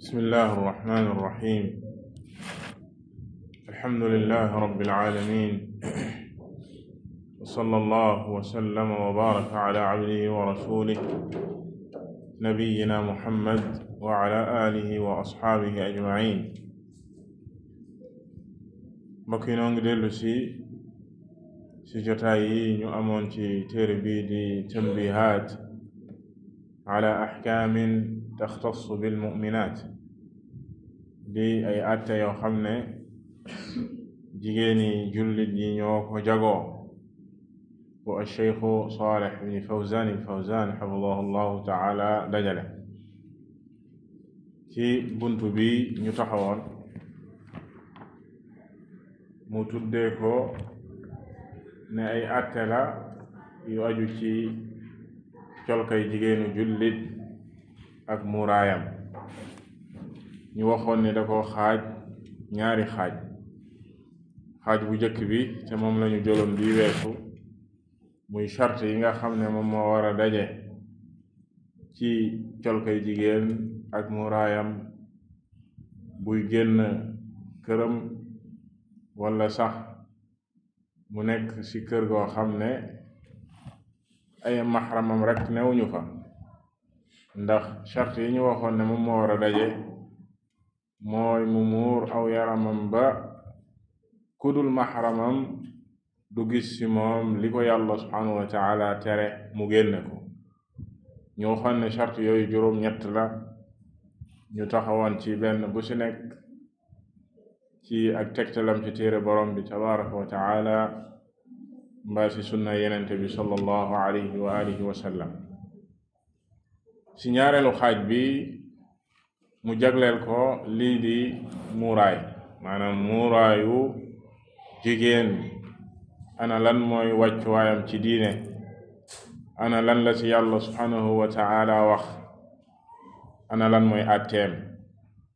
بسم الله الرحمن الرحيم الحمد لله رب العالمين وصلى الله وسلم وبارك على عبده ورسوله نبينا محمد وعلى آله وأصحابه أجمعين mbokk yi noo ngi dellu si si jotaay yi ñu amoon ci téere bi di tambihaat ala ahkaamin taxtassu bil mu'minaat di ay atte yoo xam ne jigéeni jullit yi ñoo ko jagoo bu acheikhu Saalih ibn Fawzaan al-Fawzaan xafidahu llahu taala dajale ci buntu bi ñu taxawoon mu tuddee ne ay atte la yu aju ci colkay jigéenu jullit ak muuraayam ñu waxoon ne dako ko xaaj ñaari xaaj xaaj bu jëkk bi te moom lañu jëloon bi weesu muy charte yi nga xam ne moom moo war a daje ci colkay jigéen ak muuraayam buy génn këram wala sax mu nekk ci kër goo xam ne ay maxramam rekk newuñu fa ndax charte yi ñu waxoon ne moom moo war a daje mooy mu muur aw yaramam ba kudul maxaramam du gis ci moom li ko yàlla subhanahu tere mu génne ko ñu waxoon ne charte yooyu juróom ñett la ñu taxawoon ci benn bu ci nekk ci ak tegtalam ci téere borom bi tabaraka wa taala mbaa ci sunna yenente bi sallallahu alayhi wa alihi wa ci ñaareelu xaaj bi mu jagleel ko lii muuraay maanaam muuraayu jigéen ana lan mooy wàccuwaayam ci diine ana lan la ci yàlla subhanahu wa wax ana lan mooy àtteem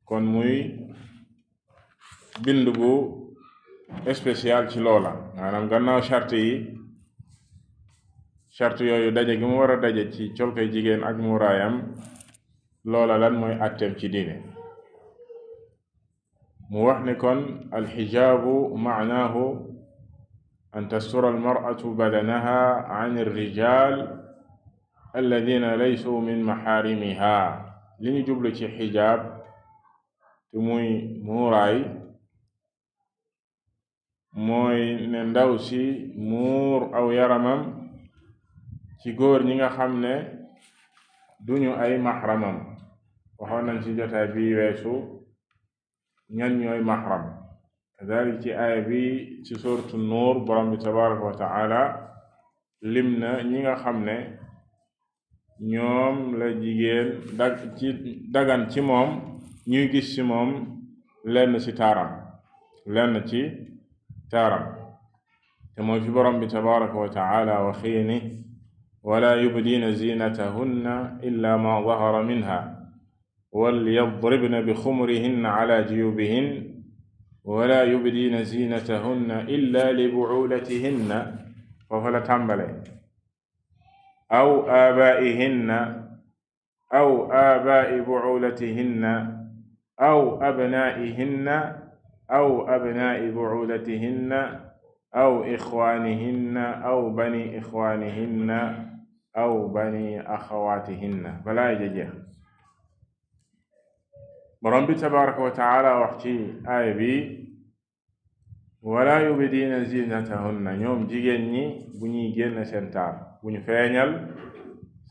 kon muy bind bu spécial ci loola maanaam gannaaw charte charte yooyu daje gi mu war a daje ci colkay jigéen ak muuraayam loola lan mooy atteem ci diine mu wax ne kon alxijaabu maanaahu an tastura almaratu badanaha an irrijal alladina laysu min maxaarimiha li ñu jublu ci xijaab te muy muuraay mooy ne ndaw si muur aw yaramam ci góor ñi nga xam ne duñu ay maxramam waxoon nañ ci jotaay bi weesu ñan ñooy maxram kadalik ci aaya bi ci suratu nuur borom bi tabaraka wa lim na ñi nga xam ne ñoom la jigéen dagan ci moom ñuy gis ci moom lenn ci taaram lenn ci taaram te mooy fi borom bi tabaraka wa taala wala yubdiina ziinatahunna illa ma dahara minha walyadribna bixumurihinna ala juyubihin wala yubdiina ziinatahunna illa li bucuulatihinna foofa la tàmbale aw aabaa'ihinna aw aabaa'i bucuulatihinna aw abnaa'ihinna aw abnaa'i bucuulatihinna aw ixwaanihinna aw bani ixwaanihinna aw bani axawaatihinna balaa ja jeex borom bi tabaraka wa taala wax ci aaya bi wala yubdiina zinatahunna ñoom jigéen ñi bu ñuy génn seen taar bu ñu feeñal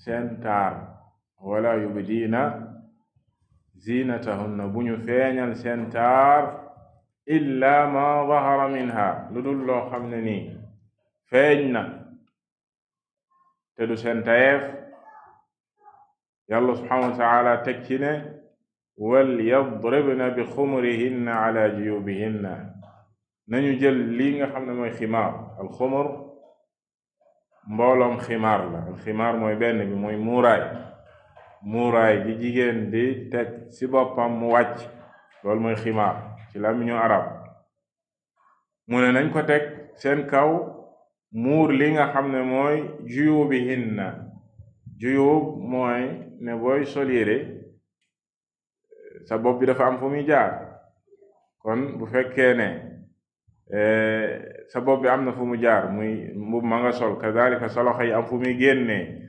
seen taar wala yubdiina zinatahunna bu ñu feeñal seen taar illa ma dahara minha lu dul loo xam ne nii feeñ na te seen tayeef yàlla subhanahu wa taala teg ci ne wal yadribna bi xumurihinna na juyubihinna nañu jël li nga xam ne mooy ximaar alxumur mbooloom ximaar la alximaar mooy benn bi mooy muuraay muuraay gi jigéen di teg ci boppam mu wàcc loolu mooy ximaar ci làmmiñu arab mu ne nañ ko teg seen kaw muur li nga xam ne mooy juyubihinna juyub mooy ne booy sol yére sa bopp bi dafa am fu muy jaar kon bu fekkee ne eh, sa bopp bi am na fu mu jaar muy mbubb ma nga sol kadalika sa loxo yi am fu muy génnee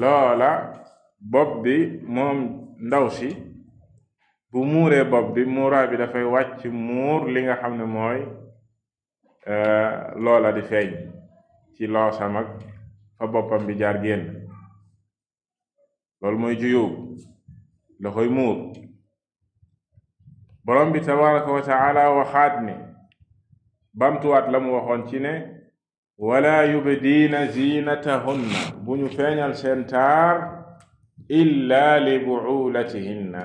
loola bopp bi moom ndaw si bu muure bopp bi muuraa bi dafay wàcc muur li nga xam ne mooy eh, loola di feeñ ci loosa ak fa boppam bi jaar génn loolu mooy juyub da koy muur borom bi tabaraka wa taala waxaat ne bamtuwaat la mu waxoon ci ne wala yubdiina zinatahunna bu ñu feeñal seen taar illa li buulatihinna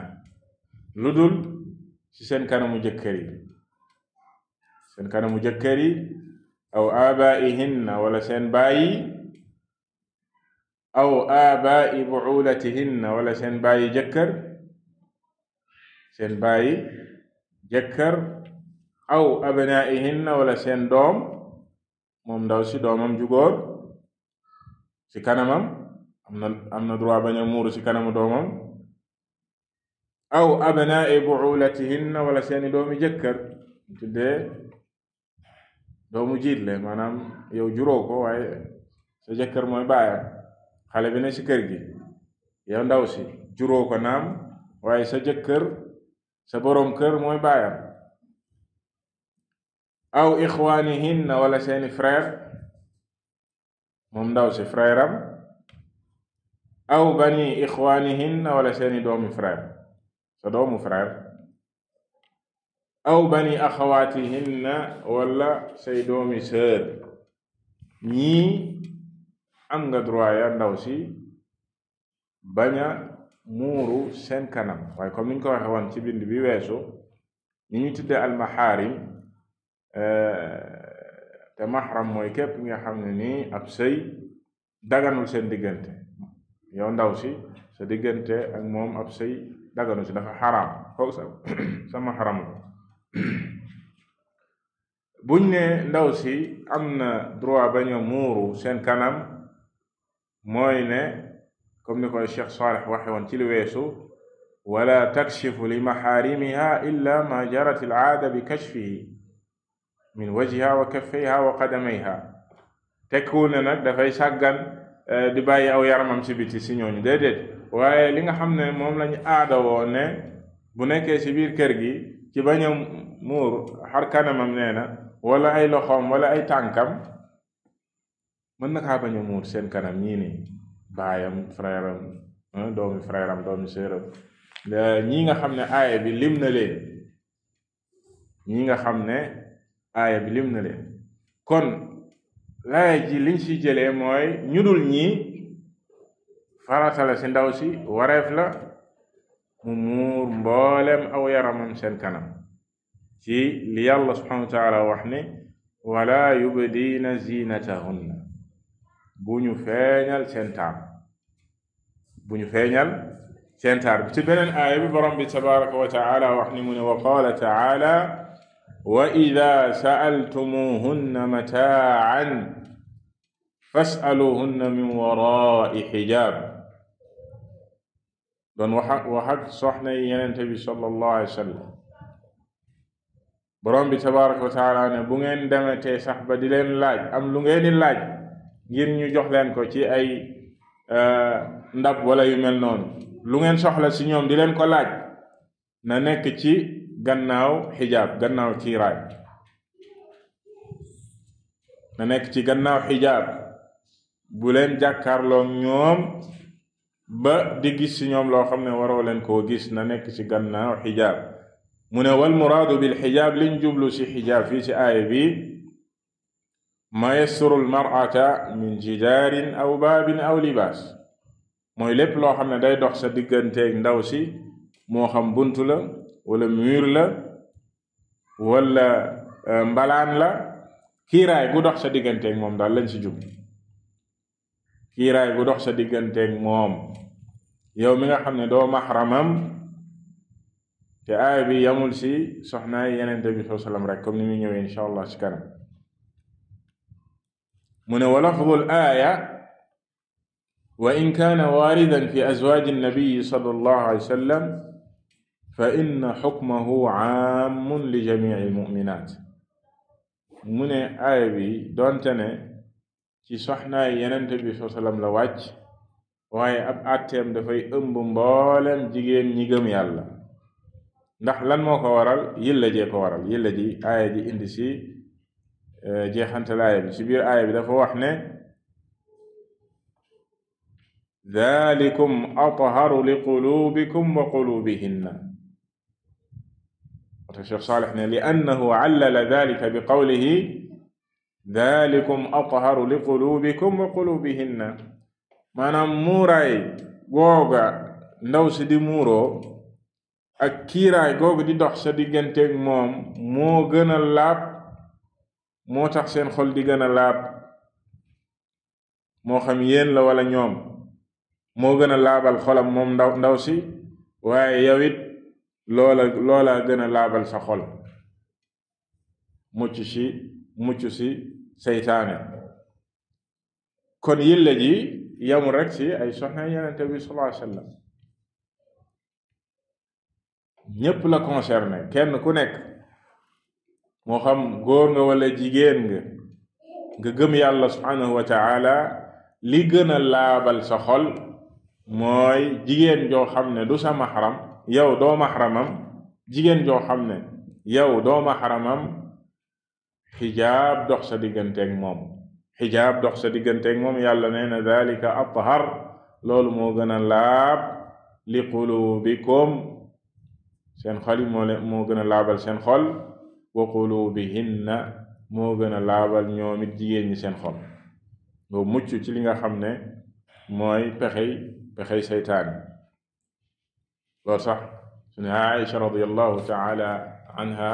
lu dul ci seen kanamu jëkkër yi seen kanamu jëkkër yi aw aabaihinna wala seen baayi aw aabai buulatihinna wala seen baayi jëkkër seen baayi jëkkër aw abnaihinna wala seen doom moom ndaw si doomam ju góor si kanamam am na am na droit bañ a muuru si kanamu doomam aw abnai buulatihinna wala seeni doomi jëkkër tuddee doomu jiit la maanaam yow juróo waaye sa jëkkër mooy baayam xale bi ne si kër gi yow ndaw si juróo naam waaye sa jëkkër sa boroom kër mooy baayam aw ixwaanihinna wala seeni frère moom ndaw si frère am aw bani na wala seeni doomi frère sa doomu frère aw bani axawaatihinna wala say doomi sœur ñii am nga droit ya ndaw si bañ a muuru seen kanam waaye comme ni ñu ko waxe woon ci bind bi weesu ñi ñu tudde almaxaarim eh, te maxram mooy képp nga xam ne nii ab sëy daganul seen diggante yow ndaw si sa diggante ak moom ab sëy daganul si dafa xaram foog sa sa buñ ne ndaw si am na droit bañ a muuru seen kanam mooy ne comme ni koy Cheikh Saalix waxe woon ci li weesu wala takshifu li maxaarimiha illa ma jarat al bi kashfihi min wajhiha wa kaffayha wa qadamayha tekkiwul ne dafay sàggan eh, di bàyyi aw yaramam si biti si ñooñu déedéet waaye li nga xam ne moom lañu aada woon ne bu nekkee si biir kër gi ci bañam a muur xar kanamam nee na wala ay loxoom wala ay tànkam mën na kaa bañ muur seen kanam ñii nii baayam frère am ah, doomi frère doomi sœur ñii nga xam ne aaya bi lim na leen ñii nga xam ne aaya bi lim na leen kon laaya ji liñ si jëlee mooy ñu dul ñii farata la si ndaw si wareef la mu muur mboolem aw yaramam seen kanam ci li yàlla subhanahu wa taala wax ne wala yubdiina zinatahunna bu ñu feeñal seen taar bu ñu feeñal seen taar bi ci beneen aaya bi borom bi tabaraka wa taala wax ni mu ne wa qaala taala wa ida sa'altumuhunna mataan fas'aluhunna min wara'i hijab doon wax ak wax ak soxna yi bi sallallahu alayhi wa sallam borom bi tabaraka wa ne bu ngeen demetee sax ba di leen laaj am lu ngeen di laaj ngir ñu jox leen ko ci ay eh, ndab wala yu mel noonu lu ngeen soxla si ñoom di leen ko laaj na nekk ci gannaaw xijaab gannaaw kiiraay na nekk ci gannaaw xijaab bu leen jàkkaarloo ñoom ba di gis ci ñoom loo xam ne waroo leen ko gis na nekk ci gannaaw xijaab mu ne wal muraadu bil xijaab liñ jublu ci xijaab fii ci aaya bi ma yasturu l marata min jidaarin aw baabin aw libaas mooy lépp loo xam ne day dox sa digganteeg ndaw si moo xam bunt la wala mur la wala euh, mbalaan la kiiraay bu dox sa digganteeg moom daal lañ ci jublu kiiraay gu dox sa digganteeg moom yow mi nga xam ne doo maxramam te aaya bi yamul si soxnaay yenente bi saa sallam rek comme ni muy ñëwee incha allah si kanam mu ne wa lafdul aaya wa in kaana waaridan fi azwaaji nnabiyi sallallahu alayhi wa sallam fa inna xukmahu aamun li jamici almuminat mu ne aaya bi doonte ne ci soxnaay yenente bi saa sallam la wàcc waaye ab àtteem dafay ëmb mboolem jigéen ñi gëm yàlla ndax lan moo ko waral yilla jee ko waral yilla ji aaya ji indi si eh, jeexantal aaya bi si biir aaya bi dafa wax ne dalikum atharu li qulubikum wa qulubihinna wata cheikh saalex ne li annahu allala dalika bi qawlihi daalikum atharu li qulubikum wa qulubihinna maanaam muuraay googa ndaw si di muuroo ak kiiraay googa di dox sa digganteeg moom moo gën a laab moo tax seen xol di gën a laab moo xam yéen la wala ñoom moo gën a laabal xolam moom ndaw ndaw si waaye yow it loola loola gën laabal sa xol mucc si mucc ci seytaane kon yille ji yamul rek ci ay soxna yenente bi sallallahu alayhi wasallam ñépp la concerné kenn ku nekk moo xam góor nga wala jigéen nga nga gëm yàlla subhanahu wa taala li gën a laabal sa xol mooy jigéen joo xam ne du sa maxaram yow doo maxaramam jigéen joo xam ne yow doo maxaramam xijaab dox sa digganteeg moom xijaab dox sa digganteeg moom yàlla nee na dalika athar loolu moo gën a laab li qulubikum seen xol yi moo gën a laabal seen xol wa qulubihinna moo gën a laabal ñoomit it jigéen ñi seen xol boo mucc ci li nga xam ne mooy pexey pexey seytaan loolu sax su ne radiallahu taala anha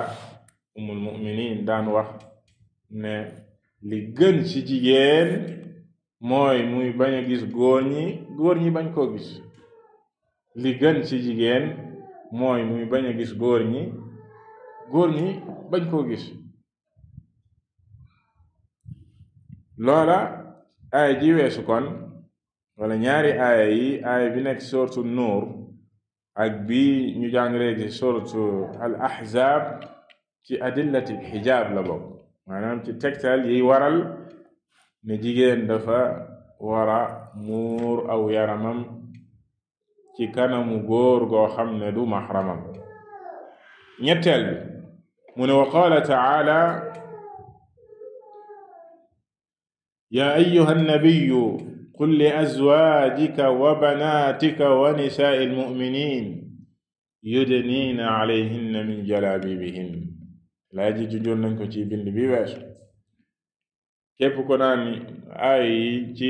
umul daan wax ne li gën ci jigéen mooy muy bañ a gis góor ñi góor ñi bañ koo gis li gën ci jigéen mooy muy bañ a gis góor ñi góor ñi bañ koo gis loola aaya ji weesu kon wala ñaari aaya yi aaya bi nekk sortu nuur ak bi ñu jàng léegi sortu al ahzaab ci adillati xijaab la bokk maanaam ci tegtal yiy waral ne jigéen dafa war a muur aw yaramam ci kanamu góor goo xam ne du maxramam ñetteel bi mu ne wa qaala taala ya ayuha annabiyu qul li azwajika wa banatika wa nisaai almuminin yudniina alayhinna min jalabibihin laay ji junjoon nañ ko ci bind bi weesu képp ko naan ni ci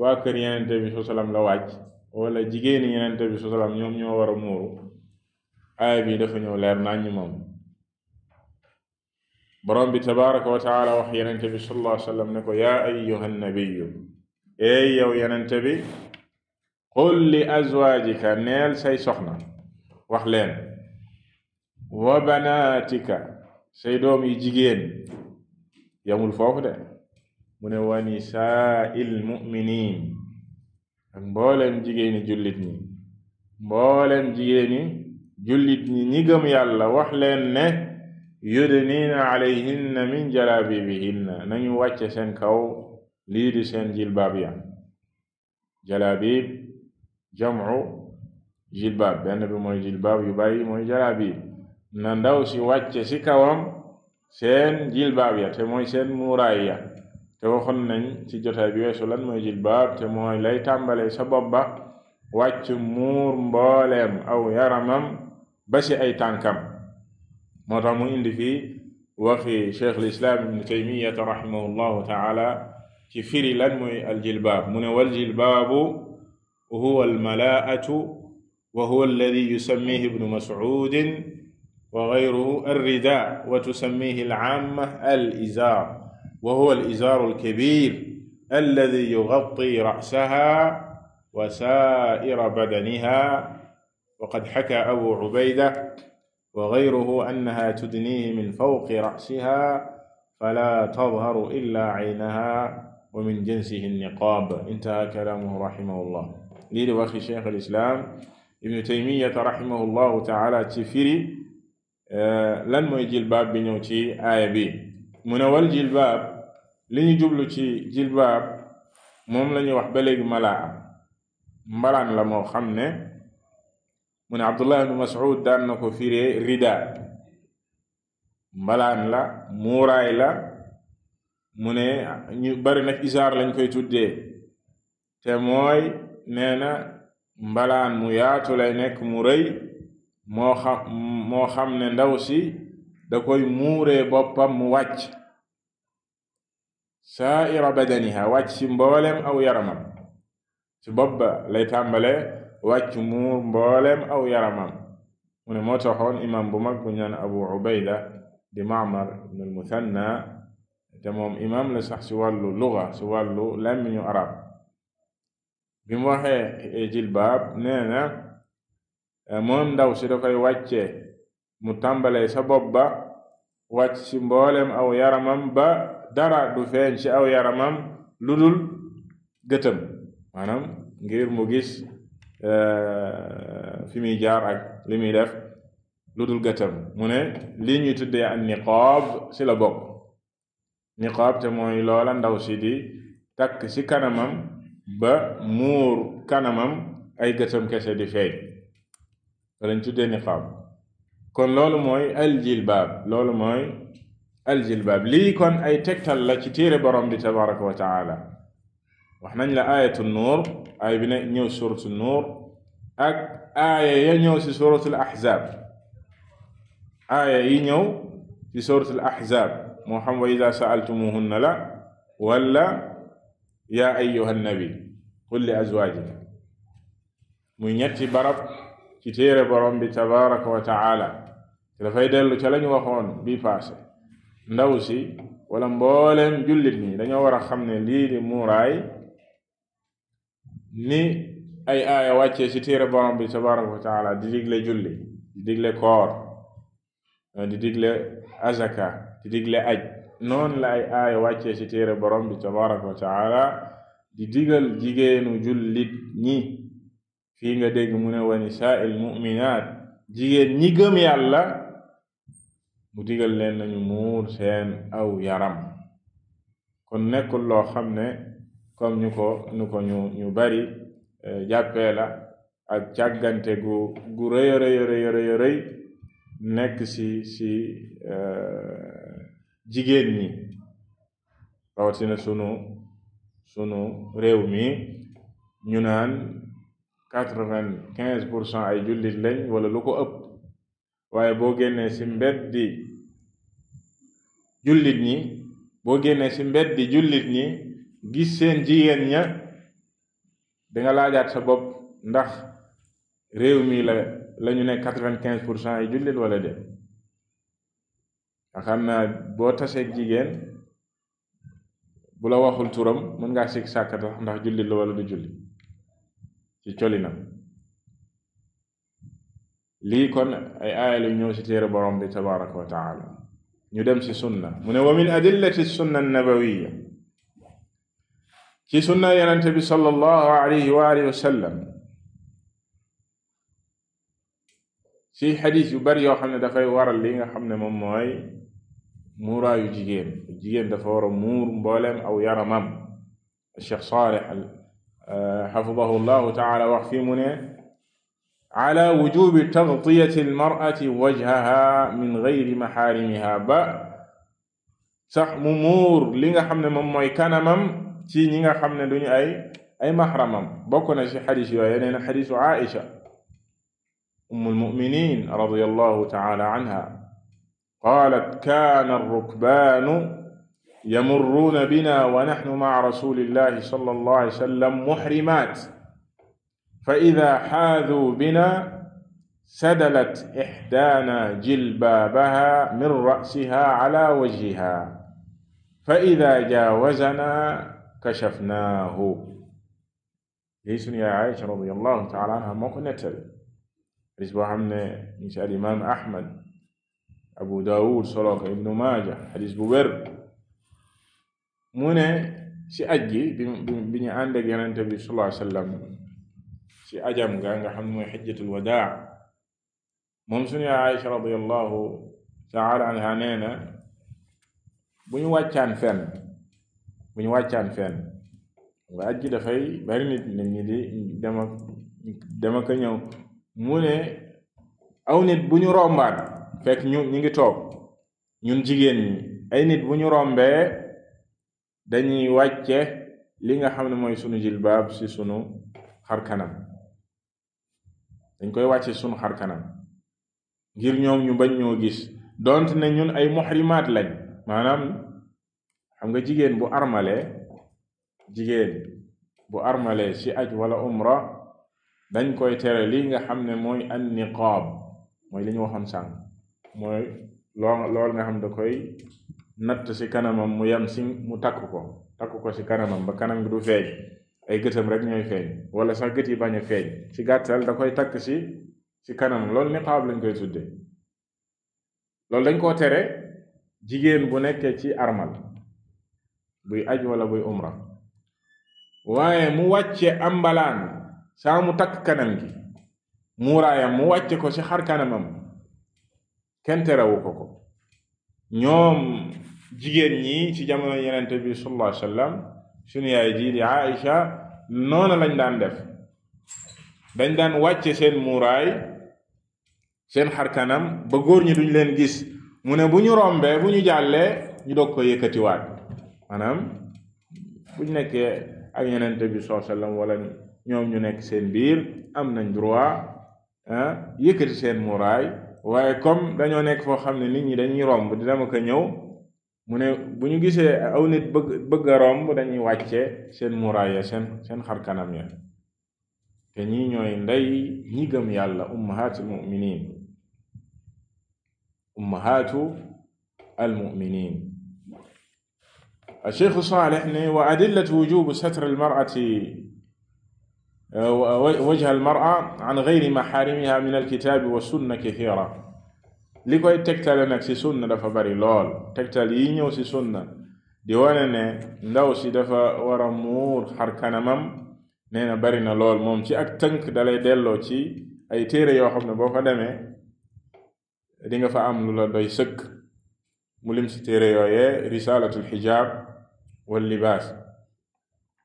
waa kër yenente bi la wàcc wala jigéeni yenente bi su ñoom ñoo war a muuru aay bi dafa ñëw leer naññ moom borom bi tabaraka wa taala wax yenente bi sallallahu alayhi wa sallam ne ko yaa ayyuha nabiyu eey yow yenente li azwaajika neel say soxna wax leen wa banaatika say doom yi jigéen yamul foofu de mu ne wa nisaa'il mu'miniin ak mbooleem jigéeni jullit ñi mbooleem jigéeni jullit ñi ñi gëm yàlla wax leen ne yudniina alayhinna min jalaabibihinna nañu wàcce seen kaw lii di seen jilbaab ya jalaabib jamu jilbaab benn bi mooy jilbaab yu bari mooy jalaabib na ndaw si wàcce si kawam seen jilbaab ya te mooy seen muuraay ya te waxoon nañ ci jotaay bi lan mooy jilbaab te mooy lay tàmbalee sa bopp ba wàcc muur mbooleem aw yaramam ba si ay tànkam moo tax mu indi fii waxi cheikh lislaam ibnu taymiyata rahimahullahu taala ci firi lan mooy aljilbaab mu ne waljilbaabu huwa almalaatu wa huwa alladi yusammihi ibnu mas'udin wa gayruhu alrida wa tusammihi alcaama alizaar wa huwa alizaaru alkabiir alladi yugatti ra'saha wa saa'ira badaniha wa qad xakaa abu cubayda wa gayruhu annaha tudniihi min fawqi ra'siha fala tadharu illa caynaha wa min jinsihi alniqaab intaha kalaamuhu rahimahullah lii di waxi cheikh alislaam ibnu taymiyata rahimahullahu taala ci firi Euh, lan mooy jilbaab bi ñëw ci aaya bi mu ne wal li ñu jublu ci jilbaab moom la ñuy wax ba léegi malaa mbalaan la moo xam ne mu ne abdullah ibnu mas'ud daan na ko firee rida mbalaan la muuraay la mu ne ñu bari nag isaar lañ koy tuddee te mooy nee na mbalaan mu yaatu lay nekk mu rëy moo xam moo xam ne ndaw si da koy muuree boppam mu wàcc saaira badaniha wàcc ci mbooleem aw yaramam ci bopp ba lay tàmbale wàcc muur mbooleem aw yaramam mu ne moo taxoon imam bu mag bu ñaan abu ubayda di maamar ibn al muthanna te moom imam la sax ci wàllu luga ci wàllu làmmiñu arab bi mu waxee jilbaab nee na Eh, moom ndaw si da koy wàccee mu tàmbalee sa bopp ba wàcc si mbooleem aw yaramam ba dara du feeñ ci aw yaramam lu dul gëtëm maanaam ngir mu gis eh, fi muy jaar ak li muy def lu dul gëtëm mu ne lii ñuy tuddee ak niqaab ci la bopp niqaab te mooy loola ndaw si di takk ci kanamam ba muur kanamam ay gëtëm kese di feeñ lañ tuddee niqaab kon loolu mooy aljilbaab loolu mooy aljilbaab lii kon ay tegtal la ci téere borom bi tabaraka wa taala wax nañ la aayatu nuur aay bi ne ñëw suratu nuur ak ay ya ñëw si suratul ahzab aaya yi ñëw si suratul ahzab moo xam wa ida saaltumuhunna la wala yaa ayuha nnabi qul li azwajika muy ñetti barab ci téere borom bi tabaraka wa taala dafay dellu ca lañu waxoon bi passé ndaw si wala mbooleem jullit ñi dañoo war a xam ne lii di ni ay aaya wàccee ci téere borom bi tabaraka wa di digle julli di digle koor di digle azaka di digle aj noon la ay aaya wàccee ci téere borom bi tabaraka wa di digal jigéenu jullit ñi fii nga dégg mu ne wa nisaa'il mu'minaat jigéen ñi gëm yàlla mu digal leen nañu muur seen aw yaram kon nekkul loo xam ne comme ñu ko ñu bari e, jàppee la ak càggante gu gu rëy rëy rëy rëy nekk ci si e, jigéen ñi rawatina sunu sunu réew ñu naan quatre-vingt-quinze pour cent ay jullit lañ wala lu ko ëpp waaye boo génnee ci mbeddi jullit ñi boo génnee ci mbeddi jullit ñi gis seen jigéen ña danga laajaat sa bopp ndax réew mi la lañu ñu ne quatre-vingt-quinze pour cent ay jullit wala de nga xam naa boo taseeg jigéen bu la waxul turam mën ngaa sikk sàkkata ndax jullit la wala du jullit ci colinam lii kon ay aaya la ñëw ci téere borom bi tabaraka wa ñu dem ci sunna mu ne wa min adillati sunna nabawiya ci sunna yenente bi sallallahu alihi wa sallam ci yu bari yoo xam ne dafay waral li xam ne moom mooy muuraayu jigéen jigéen dafa war muur mbooleem aw yaramam cheikh Salih xafidahu llahu taala wax fii mu ne ala wujubi tagtiyati almarati wajhaha min gayri maxaarimiha ba sax mu muur li nga xam ne moom mooy kanamam ci ñi nga xam ne duñu ay ay maxramam bokk na ci xadis yooyu nee na xadisu Aisha umm almuminin radi allahu taala anha qaalat kaana arrukbaanu yamurruuna bina wa naxnu ma'a rasulillahi sallallahu alayhi wa sallam muhrimaat fa idaa xaaduu bina sadalat ixdaana jilbaabaha min ra'siha ala wajhiha fa idaa jaawazanaa kashafnaahu lii sunu yaay Aïcha radiyallahu taala anha moo ko nettali xadis boo xam ne ñu ngi ci al imaam Ahmad Abu Daawud solo ko Ibnu Maaja xadis bu wér mu ne si aj gi bi bi ñu ànd ak yonente bi sallallahu alayhi wasallam ci ajam nga nga xam ne mooy xijjatul wadaa moom suñu Aïcha radiyallahu taala anha nee na bu ñu wàccaan fenn bu ñu wàccaan fenn nga aj dafay bari nit nit ñi di dama dama ñëw mu ne aw nit bu ñu rombaat fekk ñu ñu ngi toog ñu jigéen ñi ay nit bu ñu rombee dañuy wàcce li nga xam ne mooy sunu jilbaab si sunu xarkanam dañ koy wàcce sunu xar ngir ñoom ñu bañ ñoo gis donte ne ñun ay muhrimaat lañ maanaam xam nga jigéen bu armalee jigéen bu armalee si aj wala umra dañ koy tere li nga xam ne mooy an niqaab mooy li ñu waxoon sànq mooy loo lool nga xam da koy natt si kanamam mu yem si mu takk ko takk ko si kanamam ba kanam gi du feeñ ay gëtam rek ñooy feeñ wala sax gët yi bañ a feeñ si gàttal da koy takk si si kanam loolu niqaab lañ koy tudde loolu dañ koo tere jigéen bu nekkee ci armal buy aj wala buy umra waaye mu wàcce ambalaan saa mu takk kanam gi muuraayam mu wàcce ko si xar kanamam kenn terewu ko ko ñoom jigéen ñi ci jamono yenente bi sallallahu alayhi wasallam suñu yaay ji di Aïcha noona lañ daan def dañ daan wàcce seen muuraay seen xarkanam ba góor ñi duñ leen gis mu ne bu ñu rombee bu ñu jàllee ñu dog ko yëkkatiwaat maanaam buñ nekkee ak yenente bi sallallahu alayhi wala ñoom ñu nekk seen biir am nañ droit ah, yëkkati seen muuraay waaye comme dañoo nekk foo xam ne nit ñi dañuy romb di dama ko ñëw mu ne bu ñu gisee aw nit bëgg bëgg a romb dañuy wàcce seen muraay ya seen seen xar kanam ya te ñi ñooy ndey ñi gëm yàlla ummahatul muminin ummahatu almuminin الشيخ صالح ne wa adillatu wujubu satr almarati wajha almar'a an gayri maharimiha min alkitabi wa sunna kathira li koy tegtale nag ci sunna dafa bari lool tegtal yi ñëw ci sunna di wane ne ndaw si dafa war a muur xar kanamam nee na bari na lool moom ci ak tënk dalay delloo ci ay téere yoo xam ne boo fa demee di nga fa am lu la doy sëkk mu lim ci téere yooyee risalatul xijaab wal libaas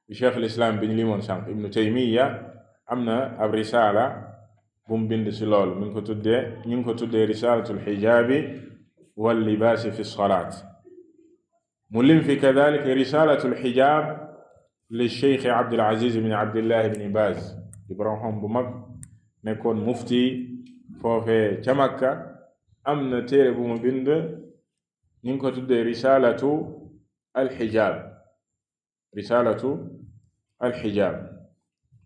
bi cheikh al islam bi ñu limoon sànq ibnu am na ab risala bu mu bind si loolu mi ngi ko tuddee ñu ngi ko tuddee risalatul xijaabi wal libaasi fi salaat mu lim fi kadalika risalatul xijaab li cheikh Abdul Aziz ibn Abdillah Baaz di bu mag nekkoon mufti foofee ca Makka am na téere bu mu bind ñu ngi ko tuddee risalatu alxijaab risalatu alxijaab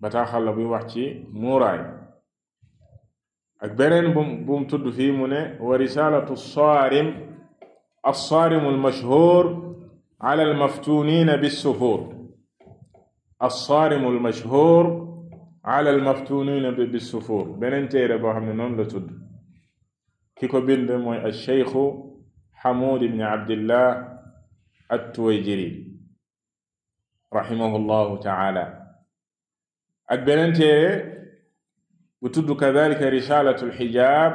bataaxal la buy wax ci muuraay ak beneen bu mu tudd fii mu ne wa risalatu saarim alsaarimu almashhur ala almaftunina bissufur alsaarimu almashhur ala almaftunina bissufur beneen téere boo xam ne noonu la tudd ki ko bind mooy alcheikhu xamuud ibni abdillah attuwayjiri rahimahu llahu taala ak beneen téere bu tudd kadalika risalatu alxijaab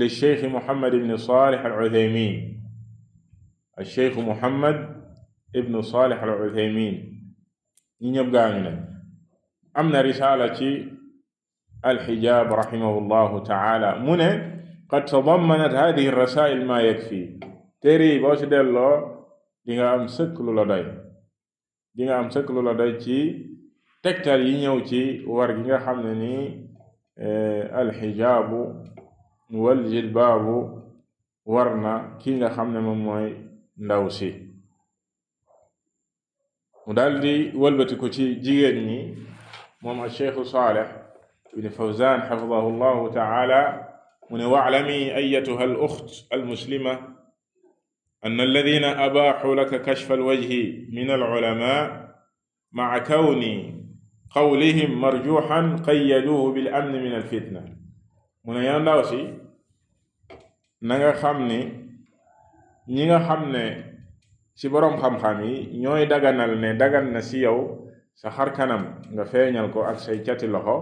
li sheikh muhammad ibn salih al uthaymin al sheikh muhammad ibn salih al uthaymin ñi ñëpp gaañu nañ am na risaala ci alxijaab raximahu llahu taala mu ne qad tadammanat hadihi alrasail ma yakfi téere yi boo ci delloo di nga am sëkk lu la doy di nga am sëkk lu la doy ci tegtal yi ñëw ci war gi nga xam ne nii alxijaabu wal jilbaabu war na ki nga xam ne moom mooy ndaw si mu daldi wëlbati ko ci jigéen ñi moom alcheikhu saaleh ibn fawzan xafidahu llahu taala mu ne waclamii ayatuha aluxt almuslima an alladina abaaxu laka kashfa alwajhi min alculama maca kawni qawlihim marjuxan qayyaduuhu bil amni min al fitna mu ne yow ndaw si na nga xam ni ñi nga xam ne si boroom xam-xam yi ñooy daganal ne dagan na si yow sa xar kanam nga feeñal ko ak say cati loxo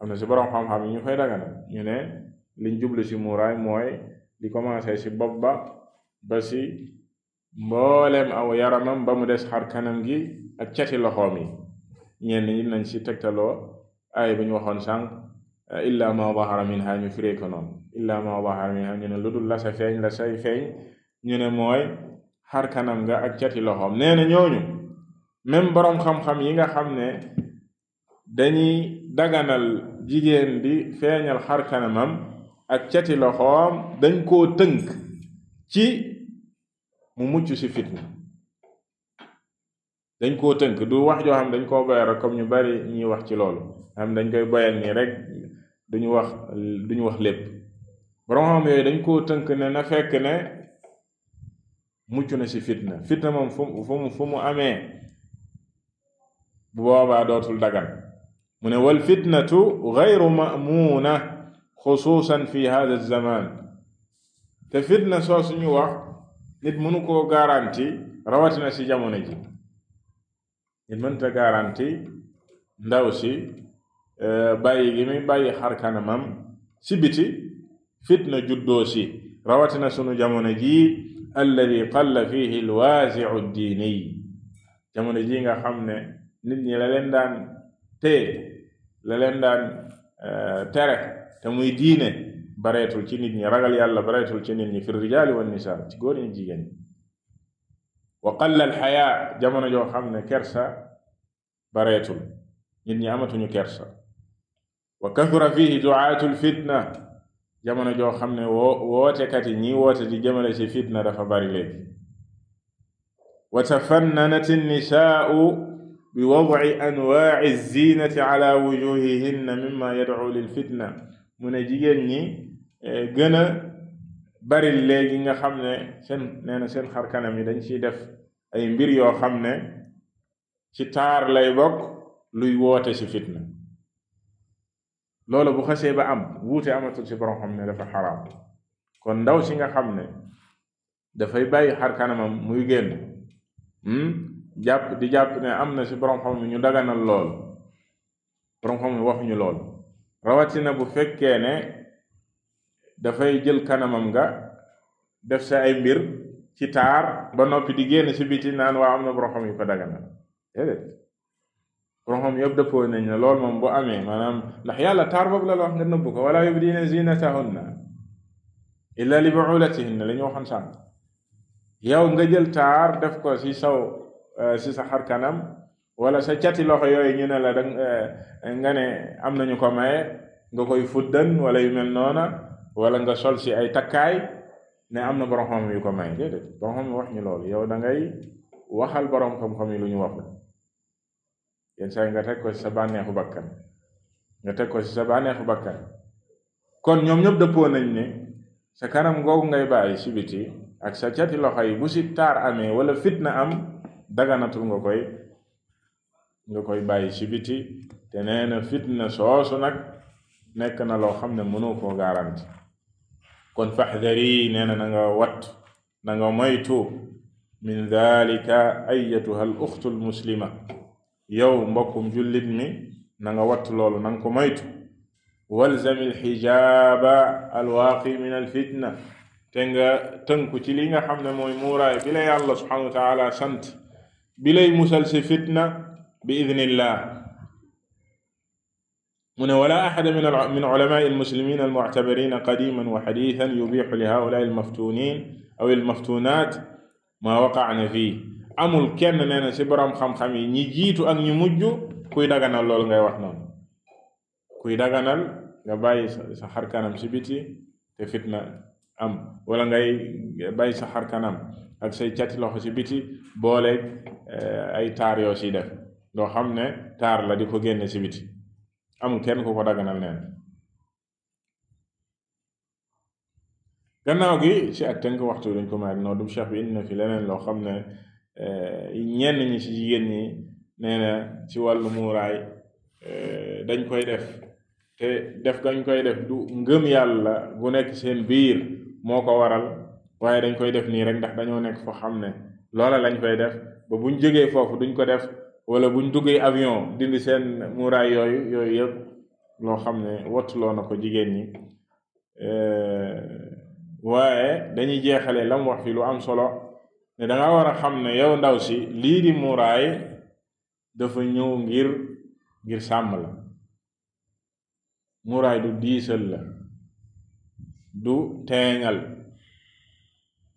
am na si boroom xam-xam yi ñu koy daganal ñu ne liñ jublu si muuraay mooy di commencé ci bopp ba ba si mbooleem aw yaramam ba mu des xar kanam gi ak cati loxoom yi ñenn ñi nañ ci tegtaloo aay bu ñu waxoon sànq illa ma zahara minha ñu firee ko noonu ma zahara minha ñu ne lu dul la sa feeñ la say feeñ ñu ne mooy xar kanam nga ak cati loxoom nee na ñooñu même boroom xam-xam yi nga xam ne dañuy daganal jigéen bi feeñal xar kanamam ak cati loxoom dañ koo tënk ci mu mucc ci fitna dañ koo tënk du wax joo xam dañ koo boyal comme ñu bari ñuy wax ci loolu xam dañ koy boyal nii rek duñu wax duñu wax lépp borom xam yooyu dañ koo tënk ne na fekk ne mucc na ci fitna fitna moom fu mu amee bu boobaa dootul dagan mu ne wal fitnatu gayru mamuuna xusuusan fi hada zaman te fitna soo suñu wax nit mënu koo garanti rawatina si jamono ji il mënta garanti ndaw si eh, bàyyi gi muy bàyyi xar kanamam si fitna juddoo si rawatina sunu jamono jii alladi qalla fihi alwaasiu diiniy jamono jii nga xam ne nit ñi la leen daan la leen daan eh, tere muy diine bareetul ci nit ñi ragal yàlla bareetul ci nit ñi fi rijaali wa nisaa ci góor ñi jigéen wa qalla alxayaa jamono joo xam ne kersa bareetul nit ñi amatuñu kersa wa kathura fihi duaatu lfitna jamono joo xam ne woo wootekat yi ñi woote di jëmale ci fitna dafa bari léegi wa tafannanat nnisaau bi wadci anwaaci zinati ala wujuhihinna mimma yadcu lilfitna mu ne jigéen ñi eh, gën a bari léegi nga xam ne seen nee seen xar kanam yi dañ ciy def ay mbir yoo xam ne ci taar lay bokk luy woote ci fitna loolu bu xasee ba am wuute amatul ci borom xam ne dafa xaraam ndaw si nga xam ne dafay bàyyi xar kanamam muy génn hmm, jàpp di jàpp ne am na ci borom xam ñu daganal lool borom xam waxuñu lool rawatina bu fekkee ne dafay jël kanamam nga def si ay mbir ci taar ba noppi di génn si biti naan waa am na boroxam yu ko daganal déedéet boroxam yëpp dëppoo nañ ne loolu moom bu amee maanaam ndax yàlla taar boobu la la wax nga nëbb ko wala yubdiina zinatahunna illa li buulatihinna la ñu waxoon nga jël taar def ko si saw si euh, sa xar kanam wala sa cati loxo yooyu ñu ne la da euh, ne am nañu ko maye nga koy fuddan wala yu mel noona wala nga sol si ay takkaay ne am na borom xam yu ko may déedéet borom xam wax ñu lool yow da ngay waxal borom xam-xam yi lu ñu waxul yenn saa yi nga teg ko si sa bànneexu bakkan nga teg ko si sa bànneexu bakkan kon ñoom ñëpp dëppoo nañ ne sa kanam googu ngay bàyyi si ak sa cati loxo yi bu si taar amee wala fitna am daganatul nga koy nga koy bàyyi si biti te nee na fitna soosu nag nekk na loo xam ne mënu koo garanti kon faxdari nee na na nga wat na nga moytu min dalika ayatuha al uxtu al muslima yow mbokkum jullit mi na nga watt loolu na nga ko moytu walzami alxijaaba alwaaqi min alfitna te nga tënku ci li nga xam ne mooy muuraay bi lay yàlla subhanahu wa taala sant bi lay musal si fitna bi idnillah mu ne wala axada min min ulamaai almuslimin almuctabarina qadiman wa xadiisan yubixu li haulaai almaftunin aw almaftunat maa waqaana fii amul kenn nee na si borom xam-xam yi ñi jiitu ak ñu mujj kuy daganal loolu ngay wax noonu kuy daganal nga bàyyi sa xar kanam si biti te fitna am wala ngay bàyyi sa xar kanam ak say cati loxo si biti boole eh, ay taar yoo si def loo xam ne taar la di ko génne si biti amul kenn ku ko daganal neen gannaaw gi ci ak tënk waxtu dañ ko may ak noonu cheikh bi indi na fi leneen loo xam ne eh, ñenn ñi ci jigéen ñi nee na ci wàllu muuraay eh, dañ koy def te def gañ koy def du ngëm yàlla bu nekk seen biir moo ko waral waaye dañ koy def nii rek ndax dañoo nekk foo xam ne loola lañ koy def ba buñ jógee foofu duñ ko def wala buñ duggee avion dindi seen muuraay yooyu yooyu yëpp loo xam ne wattuloo na ko jigéen ñi eh, waaye dañuy jeexalee lam wax fi lu am solo ne danga war a xam ne yow ndaw si lii di muuraay dafa ñëw ngir ngir sàmm la muuraay du diisal la du teeŋal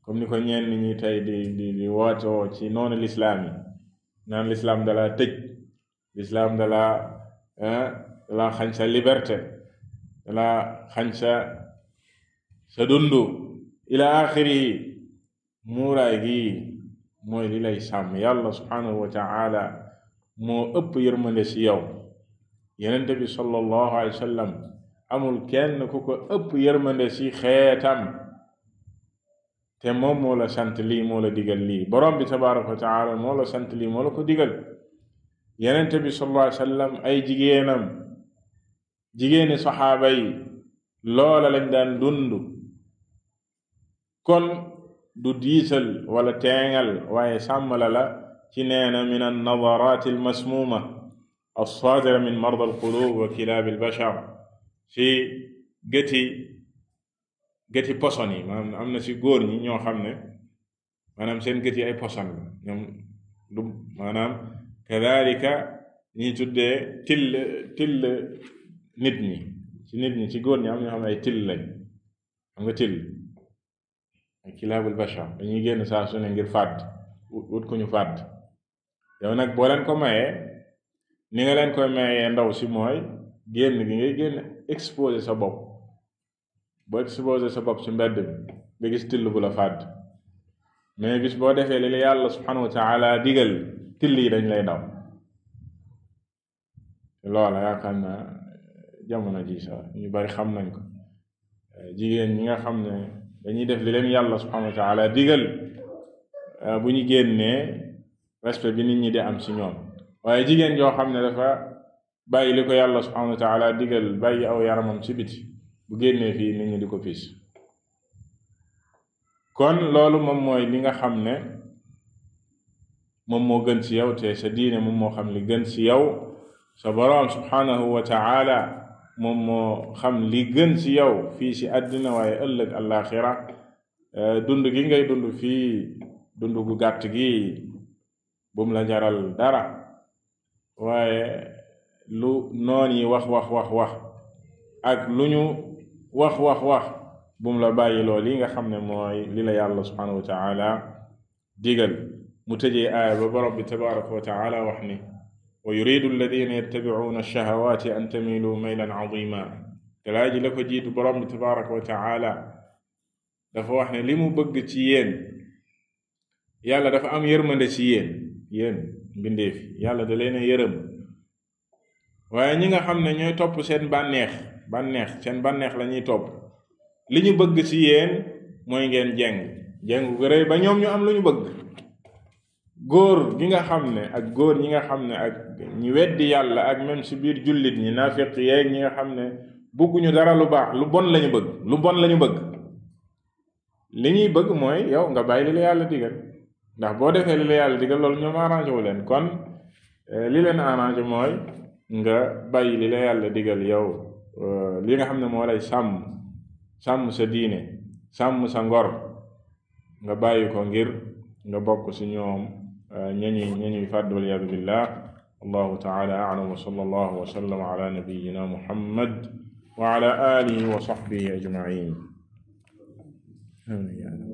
comme ni ko ñenn ñi tey di di di wootoo ci noonu lislaam yi naan l'islam da laa tëj l'islam da laa eh, da laa sa liberté da laa sa sa dundu ila axiri muuraay gi mooy li lay sàmm yàlla subhanahu wa taala moo ëpp yërmande si yow yenente bi sallallahu alayhi wa sallam amul kenn ku ko ëpp yërmande si te moom moo sant lii moola la digal lii borom bi tabaraka wa taala moo sant lii moo ko digal yenent bi wa sallam ay jigéenam jigéeni saxaaba loola lañ daan dund kon du diisal wala teengal waaye sàmmala la ci neena min annadaraati almasmuuma alsaadira min marda alquluub wa kilaab albashar fi gëti gët yi poson yi maanaam am na si góor ñi ñoo xam ne maanaam seen gët ay poson la ñoom du maanaam kadalika ñi tuddee till till nit ñi ci nit ñi si góor ñi am ñoo xam ne ay till lañ xam nga till ay kilaabul bashar dañuy génn saa su ngir fàdd wut ku ñu fàdd yow nag boo ko mayee ni nga leen koy mayee ndaw si mooy génn gi ngay génn exposé sa bopp boo exposé sa bopp ci mbedd bi nga gis till bu la fàdd mais bis boo defee li la yàlla subhanahu wa taala digal till yi dañ lay daw loola yaakaar jamono ji sax bari xam nañ ko jigéen ñi nga xam ne dañuy def li yàlla subhanahu wa taala digal euh, bu ñu génnee respect bi nit ñi di am si ñoom waaye jigéen joo xam ne dafa bàyyi li ko yàlla subhanahu wa taala digal bàyyi aw yaramam si biti bu génnee fii nit ñi di ko piis kon loolu moom mooy li nga xam ne moom moo gën ci yow te sa diine moom moo xam li gën ci yow sa boroom subhanahu wa moom moo xam li gën ci yow fii si àddina waaye ëllëg àllaaxira eh, dund gi ngay dund fi dund gu gàtt gi bum la jaral dara waaye lu noon yi wax wax wax ak lu wax wax wax bum la bàyyi lool yi nga xam ne mooy li la yàlla subhanahu wa taala digal mu tëjee aaya ba borom bi tabaraka wa taala wax ni wa yuridu alladina yattabicuuna alshahawaati an tamilu maylan laa ji jiitu borom bi tabaraka wa taala dafa wax ne li mu bëgg ci yéen yàlla dafa am yërmande ci yéen yéen mbindeef yàlla da leen a yërëm ñi nga xam ne ñooy topp seen bànneex bànneex seen bànneex la ñuy topp li ñu bëgg ci yéen mooy ngeen jeng jengu gu rëy ba ñoom ñu am lu ñu bëgg góor gi nga xam ne ak góor ñi nga xam ne ak ñi weddi yàlla ak même ci biir jullit ñi naafiq yeeg ñi nga xam ne bëgguñu dara lu baax lu bon lañu bëgg lu bon lañu bëgg li ñuy bëgg mooy yow nga bàyyi li la yàlla digal ndax boo defee li la yàlla digal loolu ñoom arrangé wu leen kon eh, li leen arrangé mooy nga bàyyi li la yàlla digal yow Euh, li nga xam ne moo lay sàmm sàmm sa diine sàmm sa ngor nga bàyyi ko ngir nga bokk si ñoom euh, ñañuy ñañuy fàdd waliyadu billah allahu taala alam wa sallallahu wa sallam muhammad wa ala alihi wa